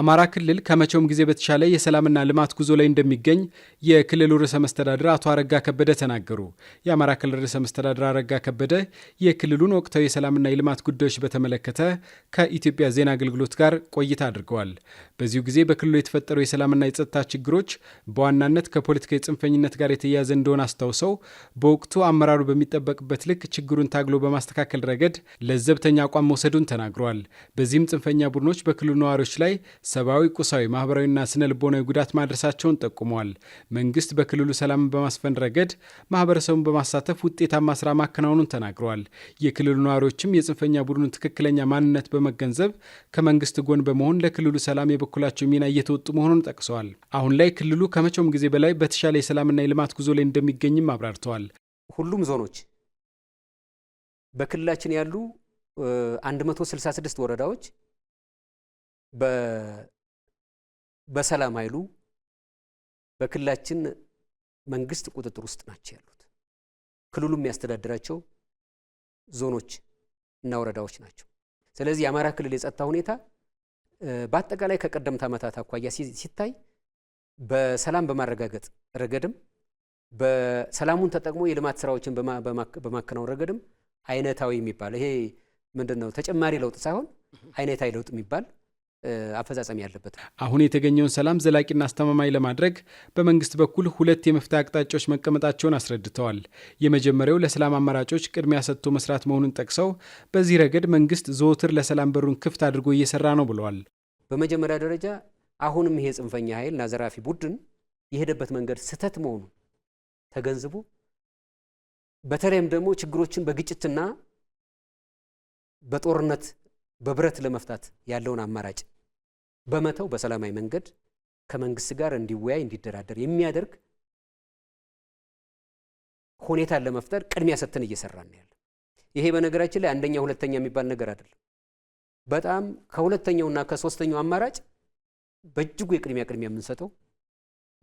አማራ ክልል ከመቼውም ጊዜ በተሻለ የሰላምና ልማት ጉዞ ላይ እንደሚገኝ የክልሉ ርዕሰ መስተዳድር አቶ አረጋ ከበደ ተናገሩ። የአማራ ክልል ርዕሰ መስተዳድር አረጋ ከበደ የክልሉን ወቅታዊ የሰላምና የልማት ጉዳዮች በተመለከተ ከኢትዮጵያ ዜና አገልግሎት ጋር ቆይታ አድርገዋል። በዚሁ ጊዜ በክልሉ የተፈጠሩ የሰላምና የጸጥታ ችግሮች በዋናነት ከፖለቲካዊ ጽንፈኝነት ጋር የተያያዘ እንደሆነ አስታውሰው በወቅቱ አመራሩ በሚጠበቅበት ልክ ችግሩን ታግሎ በማስተካከል ረገድ ለዘብተኛ አቋም መውሰዱን ተናግረዋል። በዚህም ጽንፈኛ ቡድኖች በክልሉ ነዋሪዎች ላይ ሰብአዊ፣ ቁሳዊ፣ ማህበራዊና ስነ ልቦናዊ ጉዳት ማድረሳቸውን ጠቁመዋል። መንግስት በክልሉ ሰላምን በማስፈን ረገድ ማህበረሰቡን በማሳተፍ ውጤታማ ስራ ማከናወኑን ተናግረዋል። የክልሉ ነዋሪዎችም የጽንፈኛ ቡድኑ ትክክለኛ ማንነት በመገንዘብ ከመንግስት ጎን በመሆን ለክልሉ ሰላም የበኩላቸው ሚና እየተወጡ መሆኑን ጠቅሰዋል። አሁን ላይ ክልሉ ከመቼውም ጊዜ በላይ በተሻለ የሰላምና የልማት ጉዞ ላይ እንደሚገኝም አብራርተዋል። ሁሉም ዞኖች በክልላችን ያሉ 166 ወረዳዎች በሰላም ኃይሉ በክልላችን መንግስት ቁጥጥር ውስጥ ናቸው ያሉት። ክልሉ የሚያስተዳድራቸው ዞኖች እና ወረዳዎች ናቸው። ስለዚህ የአማራ ክልል የጸጥታ ሁኔታ በአጠቃላይ ከቀደምት ዓመታት አኳያ ሲታይ በሰላም በማረጋገጥ ረገድም በሰላሙን ተጠቅሞ የልማት ስራዎችን በማከናወን ረገድም አይነታዊ የሚባል ይሄ ምንድን ነው ተጨማሪ ለውጥ ሳይሆን አይነታዊ ለውጥ የሚባል አፈጻጸም ያለበት። አሁን የተገኘውን ሰላም ዘላቂና አስተማማኝ ለማድረግ በመንግስት በኩል ሁለት የመፍትሄ አቅጣጫዎች መቀመጣቸውን አስረድተዋል። የመጀመሪያው ለሰላም አማራጮች ቅድሚያ ሰጥቶ መስራት መሆኑን ጠቅሰው በዚህ ረገድ መንግስት ዘወትር ለሰላም በሩን ክፍት አድርጎ እየሰራ ነው ብለዋል። በመጀመሪያ ደረጃ አሁንም ይሄ ጽንፈኛ ኃይልና ዘራፊ ቡድን የሄደበት መንገድ ስህተት መሆኑን ተገንዝቦ በተለይም ደግሞ ችግሮችን በግጭትና በጦርነት በብረት ለመፍታት ያለውን አማራጭ በመተው በሰላማዊ መንገድ ከመንግስት ጋር እንዲወያይ እንዲደራደር የሚያደርግ ሁኔታን ለመፍጠር ቅድሚያ ሰጥተን እየሰራን ነው ያለ። ይሄ በነገራችን ላይ አንደኛ ሁለተኛ የሚባል ነገር አይደለም። በጣም ከሁለተኛውና ከሶስተኛው አማራጭ በእጅጉ የቅድሚያ ቅድሚያ የምንሰጠው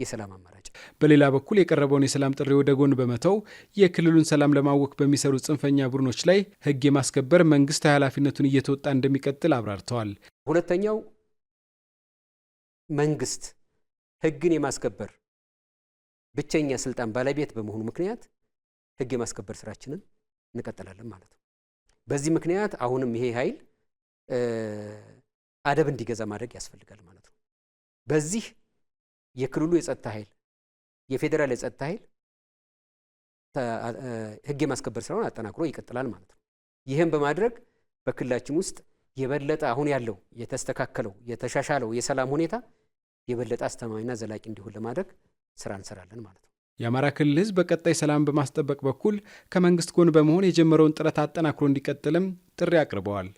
የሰላም አማራጭ። በሌላ በኩል የቀረበውን የሰላም ጥሪ ወደ ጎን በመተው የክልሉን ሰላም ለማወክ በሚሰሩ ጽንፈኛ ቡድኖች ላይ ህግ የማስከበር መንግስት ኃላፊነቱን እየተወጣ እንደሚቀጥል አብራርተዋል። ሁለተኛው መንግስት ህግን የማስከበር ብቸኛ ስልጣን ባለቤት በመሆኑ ምክንያት ህግ የማስከበር ስራችንን እንቀጥላለን ማለት ነው። በዚህ ምክንያት አሁንም ይሄ ኃይል አደብ እንዲገዛ ማድረግ ያስፈልጋል ማለት ነው። በዚህ የክልሉ የጸጥታ ኃይል የፌዴራል የጸጥታ ኃይል ህግ የማስከበር ስራውን አጠናክሮ ይቀጥላል ማለት ነው። ይህም በማድረግ በክልላችን ውስጥ የበለጠ አሁን ያለው የተስተካከለው የተሻሻለው የሰላም ሁኔታ የበለጠ አስተማማኝና ዘላቂ እንዲሆን ለማድረግ ስራ እንሰራለን ማለት ነው። የአማራ ክልል ህዝብ በቀጣይ ሰላም በማስጠበቅ በኩል ከመንግስት ጎን በመሆን የጀመረውን ጥረት አጠናክሮ እንዲቀጥልም ጥሪ አቅርበዋል።